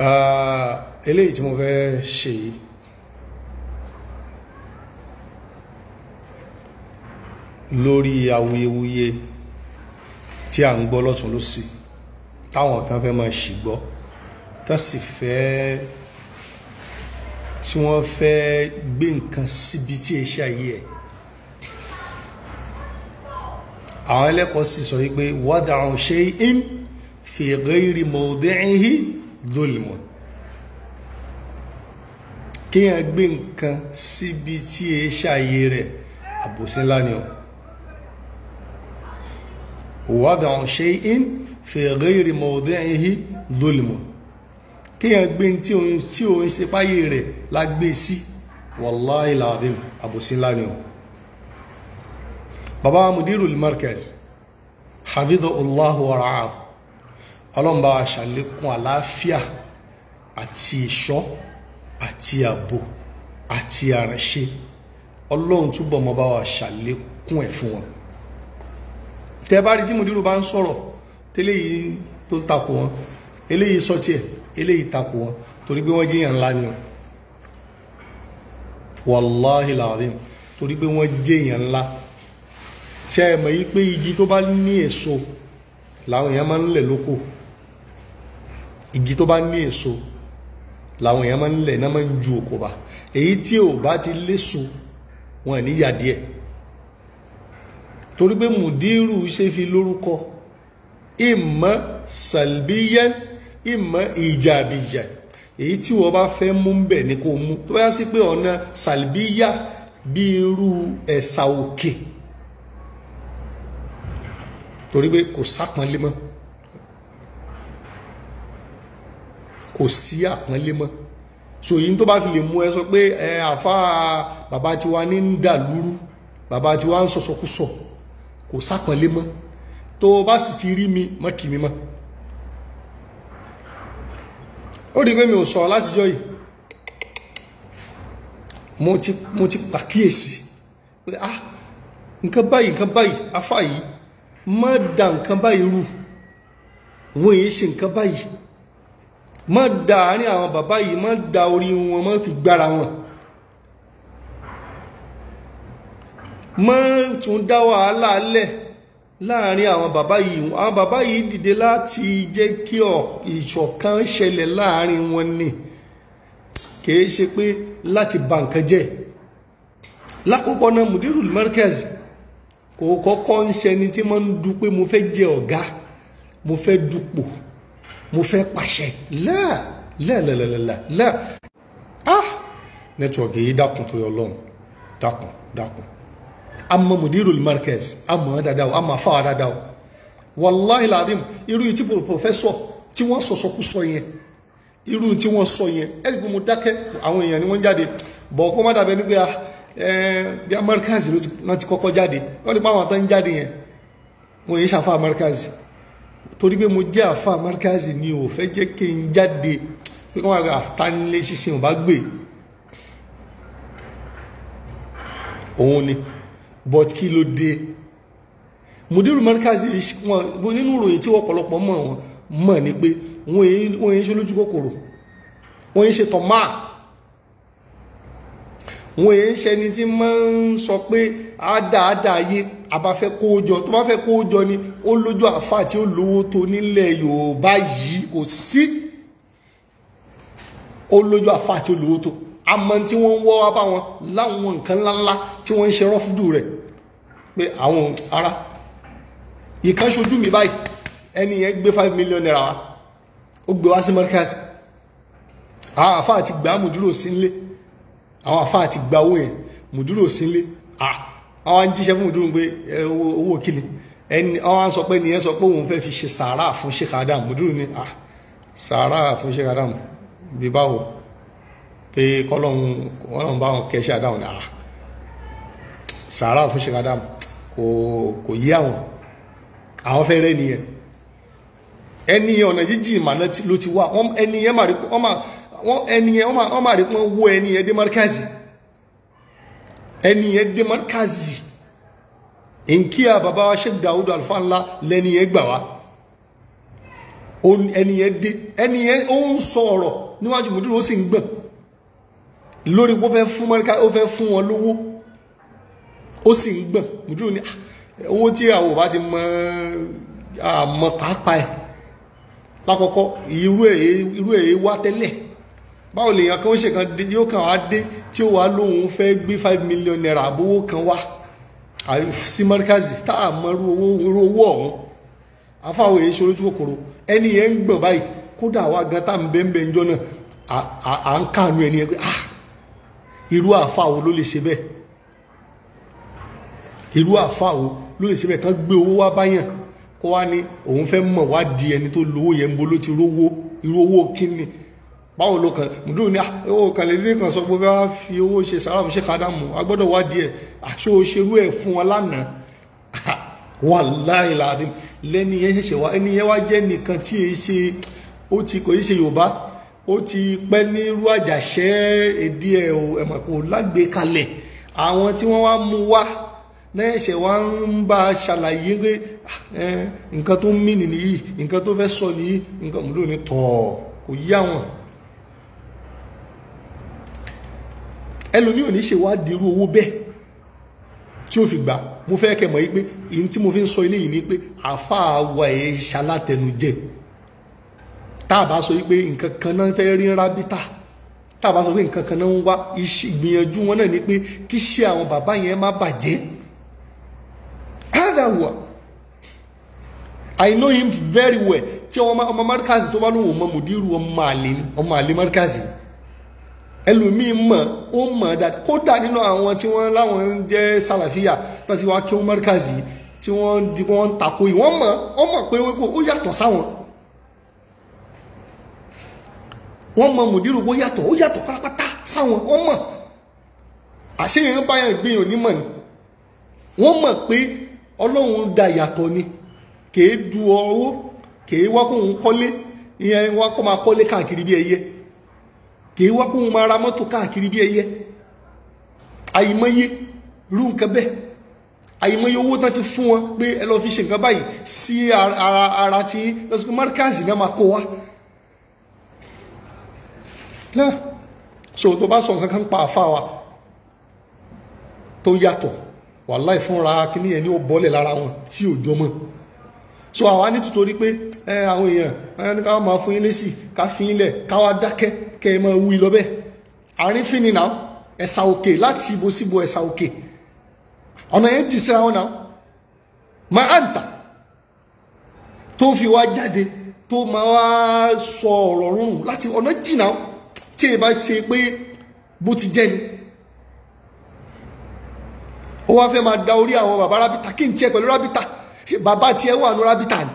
Ah, eléyìí tí mo fẹ́ ṣe yìí lórí awuyewuye tí a ń gbọ́ lọ́tún lọ́sì táwọn kan fẹ́ máa ṣì gbọ́ tá sì fẹ́ tí wọ́n fẹ́ gbé nǹkan síbi tí ẹ ṣe ayé ẹ̀ àwọn ẹlẹ́kọ̀ọ́ sì sọ wípé wọ́n dàrún ṣe in fi ghairi mawdi'ihi dólìmọ̀ kéèyàn gbé nǹkan síbi tí e ṣàyè rẹ̀ àbòsí ńlá ni o wàdà ọ̀ṣẹ́ in fèrè ìrìmọ̀ òdé ẹ̀hí dólìmọ̀ kéèyàn gbé tí òun tí òun ṣe páyé rẹ̀ la sí wàláì làdín àbòsí ńlá ni o bàbá mudirul markaz hafidhu allahu wa ọlọ́run bá wa ṣàlékún àlàáfíà àti ìṣọ́ àti ààbò àti àránṣe ọlọ́run túbọ̀ mọ́ bá wa ṣàlékún ẹ̀ fún wọn tẹ́ bá rí tí mùdírù bá ń sọ̀rọ̀ tẹ́lẹ̀ yìí tó ń takò wọn eléyìí sọ tiẹ̀ eléyìí takò wọn torí pé wọ́n jẹ́yàn ńlá ni o wàláhì làdín torí pé wọ́n jẹ́yàn ńlá ṣe é mọ̀ yí pé igi tó bá ní èso làwọn èèyàn máa ń lẹ̀ lóko igi tó bá ní èso làwọn èèyàn máa ń lẹ̀ náà máa ń ju òkò bá èyí tí ò bá ti léso wọn ní yà díẹ̀ torí pé mùdírù ṣe fi lórúkọ ìmọ̀ sàlbíyẹn ìmọ̀ ìjàbíyẹ èyí tí wọ́n bá fẹ́ mú ń bẹ̀ ni kò mú tó bá yá sí pé ọ̀nà sàlbíyà bí irú ẹ̀sà òkè torí pé kò sápọn lé mọ́. kò sí àpọ́nlé mọ́ so yìí tó bá fi lè mú ẹ sọ pé ẹ àfa bàbá tiwa ní ń dà lúrú bàbá tiwa ń sọsọkúsọ kò sápọ́nlé mọ́ tó o bá sì ti rí mi mọ́ kì mí mọ́ mi ò sọ látijọ́ yìí mo ti mo ti pàkíyèsí pé ah nǹkan báyìí nǹkan báyìí yìí má da nǹkan báyìí rú wọ́n yìí ṣe nǹkan báyìí mọ́ da àárín àwọn bàbá yìí mọ́ da orí wọn mọ́ fi gbára wọn mọ́ tún dá wàhálà lẹ̀ láàárín àwọn bàbá yìí àwọn bàbá yìí dìde láti jẹ́ kí ìṣọ̀kan ṣẹlẹ̀ láàárín wọn ni kìí ṣe pé láti bà nǹkan jẹ́ lákòókò náà mudiru markaz kò kọ́kọ́ ń ṣẹni tí mo ń du pé mo fẹ́ jẹ ọ̀gá mo fẹ́ dupò mo fẹ́ pàṣẹ láà láàlàlàlà láà ah nẹ́tíwọ̀kì yìí dákun torí ọlọ́run dákun dákun àmọ́ mudirul markaz àmọ́ dáadáa àmọ́ afáwà dáadáa wàláhì làdìm irú yìí tí pòfẹ́sọ̀ tí wọ́n sọ̀sọ̀ kú sọ yẹn irú tí wọ́n sọ yẹn ẹ̀rí pé mo dákẹ́ àwọn èèyàn ni wọ́n jáde bọ̀ kó má dàbẹ́ nígbà ah, bí markaz ló ti kọ́kọ́ jáde wọ́n lè pa àwọn àtàn jáde yẹn wọ́n yìí ṣàfà markaz torí pé mo jẹ́ àfa markazi ni ò fẹ́ jẹ́ kí n jáde pé kí wọ́n àgbà ah, tánilé ṣinṣin ò bá gbé òun ni but kí ló dé mùdírù markazi wọn nínú ìròyìn tí ọ̀pọ̀lọpọ̀ mọ̀ wọn mọ̀ ni pé wọ́n èyí ṣe lójú kòkòrò wọ́n èyí ṣe tọ̀máà wọn èyí ń ṣẹni tí máa ń sọ pé àádáadá ayé àbáfẹ́ kó tó bá fẹ́ kó ni ó lójú àáfàá tí ó tó nílẹ̀ Yorùbá yìí kò sí ó lójú àáfàá tí ó tó àmọ́ tí wọ́n ń wọ́ wá bá wọn láwọn nǹkan ńláńlá tí wọ́n ń ṣe rọ́fúdù rẹ̀ pé àwọn ará ìkan ṣojú mi báyìí ẹni yẹn gbé five million naira wa ó gbé wá sí mọ́ríkàsì àáfàá àti gbàmùdúró sí nílé àwọn àfáà ti gba owó yẹn mùdúrò sílé àwọn ń jíṣẹ́ fún mùdúrò pé owó kíni ẹni àwọn sọ pé nìyẹn sọ pé òun fẹ́ fi ṣe sàárà fún Sheikh Adam mùdúrò ni sàárà fún Sheikh Adam bí báwo pé kọ́lọ́hún ọlọ́run báwọn kẹ́ Sheikh Adam náà sàárà fún Sheikh Adam kò yí àwọn àwọn fẹ́ rẹ́ nìyẹn ẹni ọ̀nà jíjìn ìmọ̀nà ló ti wá ẹni yẹn mà rí wọ́n máa wọ́n ẹniyẹn wọ́n máa rí pọ́n wó ẹniyẹn dé markazi ẹniyẹn nkíyà bàbá wa Sheikh Dawud Alfanla lẹ́niyẹn gbà wá ẹniyẹn dé ẹniyẹn ó ń sọ ọ̀rọ̀ níwájú mùdúró ó sì ń gbọ̀n lórí pé ó fẹ́ fún markazi ó fẹ́ fún wọn lówó ó sì ń gbọ̀n mùdúró ní ah, owó tí àwọn ò ti mọ àmọ́ pàápàá ẹ̀ lákọ̀ọ́kọ́ irú èyí wá tẹ́lẹ̀ báwo lèèyàn kan ó ṣe kan yóò kàn wá dé tí ó wà lóun fẹ́ gbé five million naira àbówó kan wá sí mọ́ríkàzì tá a mọ irú owó ọ̀hún afáwọn èyí ṣojú kòkòrò ẹni yẹn ń gbọ̀n báyìí kódà wá gan tá à ń bẹ́ńbẹ́ ń jọ náà à ń kànú ẹni yẹn pé ah irú àfáwo ló lè ṣe bẹ́ẹ̀ irú àfáwo ló lè ṣe bẹ́ẹ̀ kán gbé owó wá báyàn kó wá ní òun fẹ́ mọ̀ wá di ẹni tó lówó yẹn ń bo ló ti rówó báwo ló kàn mùdú ní owó ah, kàlẹ́dé kan sọ pé bá fi owó ṣe sàrà fún Sheikh Adamu agbọ́dọ̀ wádìí ẹ̀ àṣọ ah, òṣèlú ẹ̀ fún wọn lánàá wàláì làdìm lẹ́ni yẹn ṣẹ̀ṣẹ̀ wá ẹni yẹn wá jẹ́ nìkan tí èyí ṣe ó ti kò yí ṣe Yorùbá ó ti pẹ́ ní irú àjàṣẹ́ èdè ẹ̀ o ẹ̀mọ̀ kò lágbè kalẹ̀ àwọn tí wọ́n wá mú wá náà ṣẹ̀ wá ń bá a ṣàlàyé pé ah, nǹkan tó ń mí nìyí nǹkan tó fẹ́ sọ nìyí nǹkan mìíràn ní tọ̀ kò yí àwọn ẹlòmíì ò ní ṣèwádìí irú owó bẹ́ẹ̀ tí ó fi gbà mo fẹ́ kẹ́ mọ̀ yìí pé èyí tí mo fi ń sọ eléyìí ni pé àáfàá wa ẹ̀ ṣalátẹnujẹ tá a bá sọ yìí pé nǹkan kan náà fẹ́ rí rábítà tá a bá sọ pé nǹkan kan náà ń wá ìgbìyànjú wọn náà ni pé kí ṣe àwọn bàbá yẹn má bàjẹ́ hádàwà I know him very well tí ọmọ markazi tó bá lóun ọmọ mòdìrú ọmọ àlè ọmọ àlè markazi ni ẹlòmíín mọ̀ ó mọ̀ dáadáa kódà nínú àwọn tí wọ́n láwọn ń jẹ́ sàlàfíà tó ti kí wọ́n mọ́ríkàzì tí wọ́n di wọ́n ń takò yìí wọ́n mọ̀ wọ́n mọ̀ pé ó yàtọ̀ sáwọn wọ́n mọ̀ mùdírù bó yàtọ̀ ó yàtọ̀ pátápátá sáwọn wọ́n mọ̀ àṣeyàn báyàn gbìyàn onímọ̀ ni wọ́n mọ̀ pé ọlọ́run da ìyàtọ̀ ni kèé du ọwọ́ kèé wá kóun kọ́lé ìyẹn wá kó máa kọ́lé káàkiri bí ẹyẹ kìí wá kóhun máa ra mọ́tò káàkiri bí ẹyẹ àìmọye irú nǹkan bẹ́ẹ̀ àìmọye owó tán ti fún wọn pé ẹ lọ fi ṣe nǹkan báyìí sí ara ara tí lọ́sọ̀kọ́ márkàzì náà máa kó wa náà so tó bá sọ nǹkan kan pa àfa wa tó yàtọ̀ wàláì fúnra kíní yẹn ni ó bọ́lẹ̀ lára wọn tí ò jọmọ so àwa ní tìtorí pé àwọn èèyàn wọn ní ká máa fún yín lésì ká fi yín lẹ̀ ká wá dákẹ́ kẹ́ ẹ máa wú i lọ bẹ́ẹ̀ àárín fín ni náà ẹ̀sà òkè láti ibo síbo ẹ̀sà òkè ọ̀nà yẹn jì síra wọn náà máa ń tà tó fi wá jáde tó máa wá sọ ọ̀rọ̀ rúrùn láti ọ̀nà jìnnà tí ẹ bá ṣe pé bó ti jẹ́ ni ó wá fẹ́ máa da orí àwọn bàbá rábìtà kí n tiẹ̀ pẹ̀lú rábìtà bàbá tiẹ̀ wà nù rábìtà ni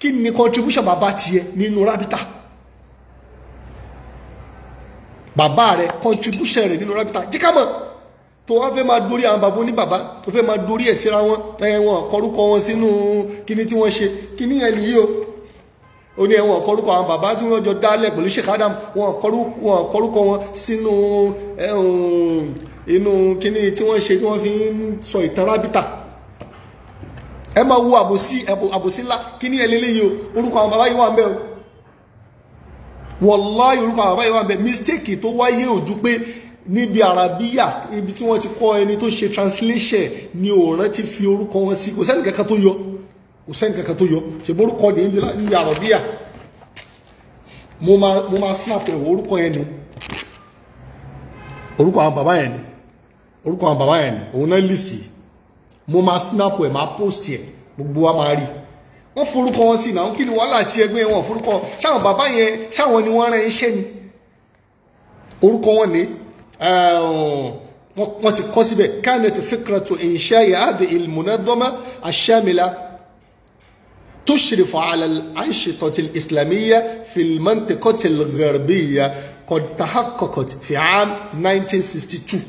kí ni contribution bàbá tiẹ̀ nínú rábìtà. No bàbá rẹ contribution rẹ nínú rábìtà jẹ́ ká mọ̀ tó wá fẹ́ máa dórí àwọn bàbá oníbàbá tó fẹ́ máa dórí ẹ̀ síra wọn ẹ̀wọ̀n kọrúkọ wọn sínú kíní tí wọ́n ṣe kíní yẹn nìyí o ó ní ẹ̀wọ̀n kọrúkọ àwọn bàbá tí wọ́n jọ dálẹ̀ pẹ̀lú Sheikh Adam wọn kọrúkọ wọn sínú inú kíní tí wọ́n ṣe tí wọ́n fi ń sọ ìtàn rábìtà ẹ máa wo àbòsí àbòsí ńlá kíní ẹ̀ lélẹ́yìí o orúkọ àwọn bàbá yìí wà ń bẹ̀ o wọ̀lá yorùbá bàbá yìí wà bẹ́ẹ̀ mistake tó wáyé ojú pé níbi arabiya ibi tí wọ́n ti kọ́ ẹni tó ṣe translation ni òòrán ti fi orúkọ wọn sí kò sẹ́ni kankan tó yọ kò sẹ́ni kankan tó yọ ṣèbó orúkọ ní ibi arabiya mo máa mo máa snap ẹ̀ orúkọ yẹn ni orúkọ àwọn bàbá yẹn ni orúkọ àwọn bàbá yẹn ni òun náà lì sí mo máa snap ẹ̀ máa post ẹ̀ gbogbo wa máa rí i wọ́n forúkọ wọn sí náà kí ni wàhálà tí ẹgbẹ́ wọn forúkọ sáwọn bàbá yẹn sáwọn ni wọ́n rán iṣẹ́ ni orúkọ wọn ni eh, wọ́n ti kọ́ síbẹ̀ kánẹ̀ ti fikratu ìṣẹ́ yàrá ìlmùnádọ́mà àṣàmìlà تشرف على الأنشطة الإسلامية في المنطقة الغربية قد تحققت في عام 1962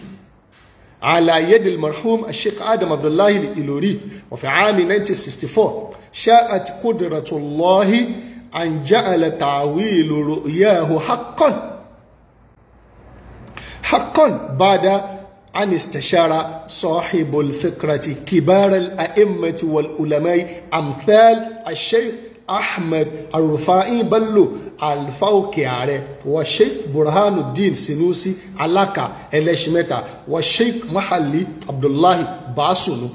على يد المرحوم الشيخ آدم عبد الله الإلوري وفي عام 1964 شاءت قدرة الله أن جعل تعويل رؤياه حقا حقا بعد أن استشار صاحب الفكرة كبار الأئمة والعلماء أمثال الشيخ ahmed arufai bello alfaoke ààrẹ wa sheikh burhanuddin sinusi alaka ẹlẹ́ṣinmẹ́ta wa sheikh mahali abdullahi baasunu.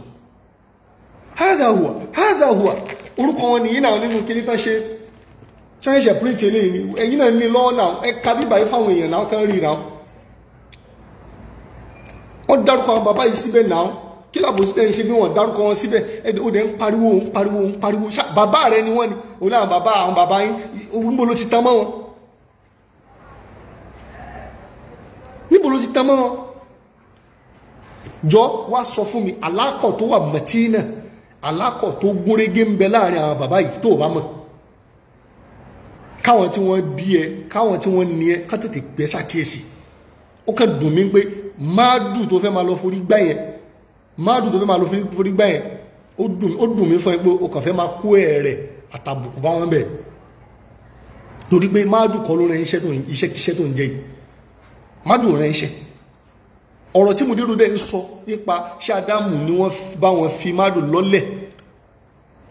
hádà hùwà hádà hùwà orúkọ wọn nìyí náà nínú kí ní fẹ́ ṣe ṣáyẹ̀ṣẹ̀ print eléyìí ni ẹ̀yin náà ní lọ́wọ́ náà ẹ ka bíbá fáwọn èèyàn náà kàn rí náà wọ́n dárúkọ àwọn bàbá yìí síbẹ̀ náà kí làbòsí tẹ́ ń ṣe bí wọ́n dárúkọ wọn síbẹ̀ ó dẹ̀ ń pariwo ń pariwo ń pariwo bàbá rẹ ni wọ́n ni òun náà bàbá àwọn bàbá yín níbo ló ti tán mọ́ wọn níbo ló ti tán mọ́ wọn jọ wá sọ fún mi alákọ̀ tó wà mọ̀tínà alákọ̀ tó gúnrégé ń bẹ láàrin àwọn bàbá yìí tó o bá mọ̀ káwọn tí wọ́n bí ẹ káwọn tí wọ́n ní ẹ ká tètè gbẹ́ ó kàn dùn mí pé máàdù tó fẹ́ máa lọ forí gbá yẹn máàdù tó fẹ́ máa lọ forí gbà yẹn ó dùn mí fún ẹ pé o kàn fẹ́ máa kó ẹ̀rẹ̀ àtàbùkù bá wọn bẹ̀ torí pé máàdù kọ́ ló rẹ iṣẹ́ tó iṣẹ́ tó ń jẹ yìí máàdù rẹ iṣẹ́ ọ̀rọ̀ tí mo dérò dẹ́ ń sọ nípa ṣé ádámù ni wọ́n bá wọn fi máàdù lọ́lẹ̀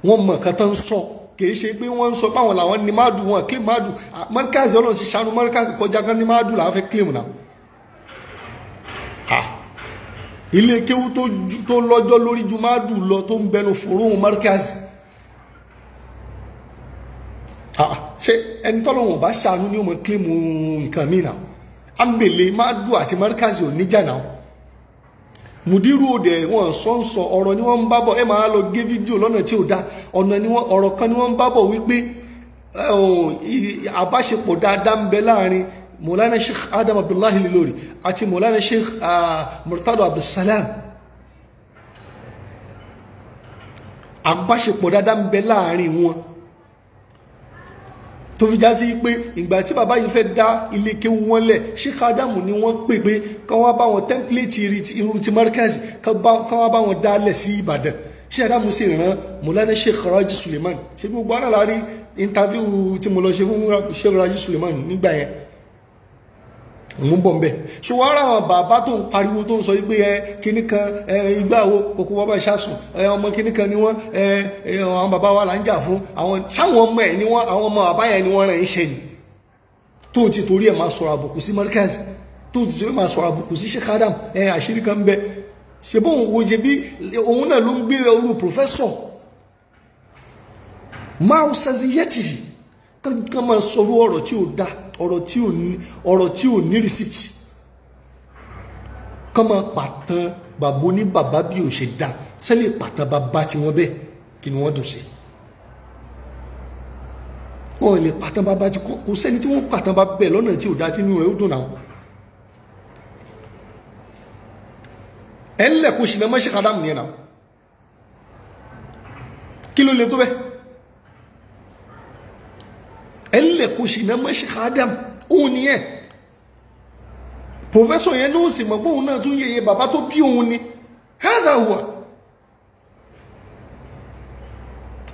wọ́n mọ̀ kan tán ń sọ kì í ṣe pé wọ́n ń sọ pé àwọn làwọn ni máàdù wọn kílè máàdù mọ́ríkàsì ọlọ́run ti ṣàánú mọ́ríkàsì kọjá kan ni máàdù làwọn fẹ́ kílè mu náà ilé kéwú tó lọ́jọ́ lórí ju máa lọ tó ń bẹnu fòróhùn markazi ah, ṣe ẹni tọ́lọ́wọ̀n bá ṣàánú ní ọmọ kílímù nǹkan mí ambele máa àti markazi ò níjà náà mùdírù òde wọn sọ́nsọ ọ̀rọ̀ ni wọ́n ń bábọ̀ ẹ máa lọ gé fídíò lọ́nà tí ò ọ̀nà ni wọ́n ọ̀rọ̀ kan ni wọ́n ń bábọ̀ wípé àbáṣepọ̀ dáadáa ń mọ̀lánà sheikh adam abdullahi lilori àti mọ̀lánà sheikh ah, murtado abdulsalam àbáṣepọ̀ dáadáa ń bẹ láàrin wọn tó fi já sí pé ìgbà tí bàbá yìí fẹ́ dá ilé kéwu wọn lẹ̀ sheikh adam ni wọ́n pè pé kán wá bá wọn tẹ́ḿpìlẹ̀tì irú ti markaz kán wá bá wọn dálẹ̀ sí ìbàdàn sheikh adam sì rán mọ̀lánà sheikh raji suleiman ṣé gbogbo ara la rí interview tí mo lọ ṣe fún sheikh raji suleiman nígbà yẹn mú bọ̀ nbẹ̀ ṣùgbọ́n ara àwọn bàbá tó ń pariwo tó ń sọ pé ẹ kíní kan ẹ igbá wo kókó bàbá ìṣàsùn ẹ ọmọ kíní kan ni wọ́n ẹ àwọn bàbá wa là ń jà fún àwọn sáwọn ọmọ ẹ ni wọ́n àwọn ọmọ bàbá yẹn ni wọ́n rẹ̀ ń ṣe ni tó ti torí ẹ̀ máa sọ̀rọ̀ àbùkù sí Markaz tó ti torí máa sọ̀rọ̀ àbùkù sí Sheikh ẹ àṣírí kan bẹ ṣe bó òun jẹ bí tí ò dáa ọ̀rọ̀ tí ò ní ọ̀rọ̀ tí ò ní receipt kán máa pàtàn bàbá oní bàbá bí ò ṣe dá sẹ́lẹ̀ pàtàn bàbá tiwọn bẹ́ẹ̀ kí ni wọ́n dùn sí wọn ò lè pàtàn bàbá tí kò sẹ́ni tí wọ́n pàtàn bàbá bẹ́ẹ̀ lọ́nà tí ò dá tí inú rẹ̀ ó dùn náà ẹ̀ ń lẹ̀kùn ṣìnà mọ́ṣẹ́ kádàmù nìyẹn náà kí ló le tó bẹ́ẹ̀. kó ṣìnà mọ́ ṣe adam òun nìyẹn pòfẹ́sọ̀ yẹn ló sì mọ̀ pé òun náà tún yẹyẹ bàbá tó bí òun ni hẹ́dà wà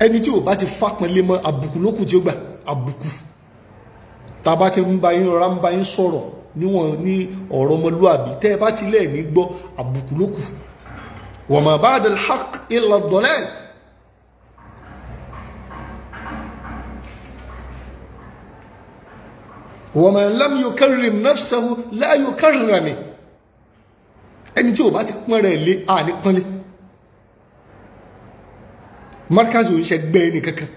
ẹni tí ò bá ti fápẹ́lẹ́ mọ́ àbùkù lókù tí ó gbà àbùkù tá a bá ti ń ba yín rọra ń ba yín sọ̀rọ̀ níwọ̀n ní ọ̀rọ̀ ọmọlúàbí tẹ́ ẹ bá ti lẹ́ẹ̀mí gbọ́ àbùkù lókù wa ma ba'da al-haqq illa ad ومن لم يكرم نفسه لا yukarrami ẹni tí ò bá ti pọ́n rẹ̀ lé àní pọ́nlé markaz ò ń ṣe gbẹ́ ẹni kankan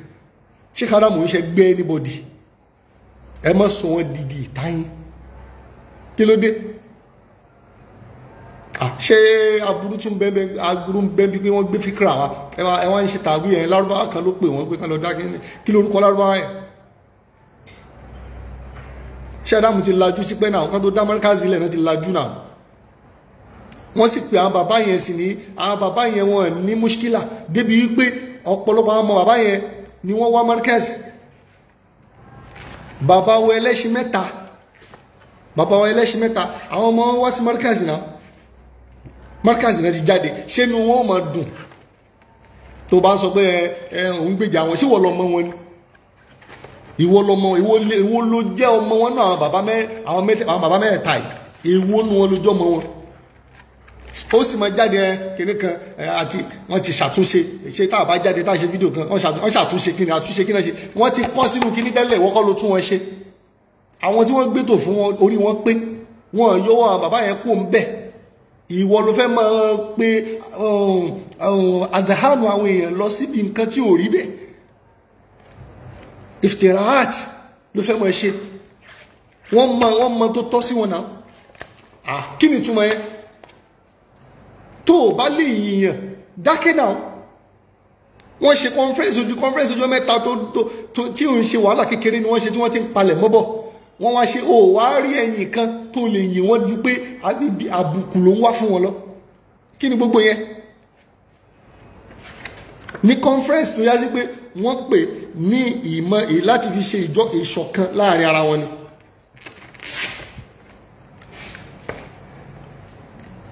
ṣé haram ò ń ṣe gbẹ́ ẹni bọ́dì ẹ má sọ wọn digi ìtayín kí ló dé ṣé aburú tún bẹ́ẹ̀ bẹ́ẹ̀ aburú bẹ́ẹ̀ bí wọ́n gbé fíkra wa ẹ wá ń ṣe tàbí ẹ̀ lárúbáwá kan ló pè wọ́n pé kan lọ dá kí lórúkọ lárúbáwá yẹn ṣẹ́dáàmù ti lajú sí pẹ́ náà nǹkan tó dá mọ́ríkàsì ilẹ̀ náà ti lajú náà wọ́n sì pé àwọn bàbá yẹn sì ní àwọn bàbá yẹn wọn ní muskila débi wípé ọ̀pọ̀lọpọ̀ àwọn ọmọ bàbá yẹn ni wọ́n wá mọ́ríkàsì bàbá wa ẹlẹ́ṣin mẹ́ta bàbá wa ẹlẹ́ṣin mẹ́ta àwọn ọmọ wọn wá sí mọ́ríkàsì náà mọ́ríkàsì náà ti jáde ṣé inú wọn ò máa dùn tó bá sọ pé ẹ ẹ òun gbèjà wọn ṣé wọ́n lọ mọ́ wọn ni ìwọ lọmọ ìwọ ló jẹ́ ọmọ wọn náà àwọn bàbá mẹ́ta ìwọ nu wọn ló jẹ́ ọmọ wọn ó sì máa jáde eh, kinní kan eh, àti wọ́n ti ṣàtúnṣe ṣe tá a bá jáde tá a ṣe fídíò kan wọ́n ṣàtúnṣe kinní àtúnṣe kinní ṣe wọ́n ti kọ́ sínú kinní tẹ́lẹ̀ wọ́n kọ́ ló tún wọn ṣe àwọn tí wọ́n gbẹ́tò fún wọn orí wọn pé wọn yọwọ́ àwọn bàbá yẹn kò ń bẹ̀ ìwọ ló fẹ́ máa pe um, um, àdàhánù àwọn èèyàn lọ síbi nǹkan tí ò rí bẹ́ẹ̀ iftiraat ló fẹ́ mọ̀ ṣe wọ́n mọ wọ́n mọ tó tọ́ sí wọn náà à ah, kí ni túmọ̀ yẹn tó o bá lè yìnyàn dákẹ́ náà wọ́n ṣe conference ojú conference ojú mẹ́ta tó tó tí ò ń ṣe wàhálà kékeré ni wọ́n ṣe tí wọ́n ti ń palẹ̀ mọ́ bọ̀ wọ́n wá ṣe o wá rí ẹ̀yìn kan tó lè yìn wọ́n ju pé àbùkù ló ń wá fún wọn lọ kí ni gbogbo yẹn ní conference tó yá sí pé wọ́n pè ní ìmọ̀ èyí láti fi ṣe ìjọ ìṣọ̀kan láàrin ara wọn ni.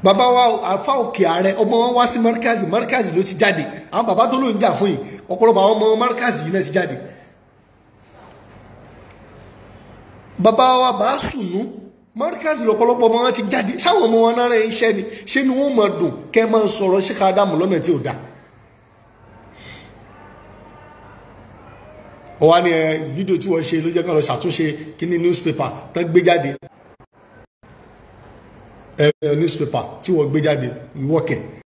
bàbá wa àfa òkè ààrẹ ọmọ wọn wá sí mọ́ríkàsì mọ́ríkàsì ló ti jáde àwọn bàbá tó ló ń jà fún yìí ọ̀pọ̀lọpọ̀ àwọn ọmọ mọ́ríkàsì yìí náà ti jáde. bàbá wa bá sùnú mọ́ríkàsì lọ́pọ̀lọpọ̀ ọmọ wọn ti jáde sáwọn ọmọ wọn náà rẹ̀ ń ṣẹ́ ni ṣé ni wọ́n mọ̀ dùn kẹ́ máa sọ̀rọ̀ ṣé ká dààmú lọ́nà tí ò dáa ó wá ní ẹ eh, fídíò tí wọ́n ṣe ló jẹ́ kí wọ́n lọ ṣàtúnṣe kíní newspaper tán gbé jáde ẹ eh, newspaper tí wọ́n gbé jáde ìwọ́kẹ̀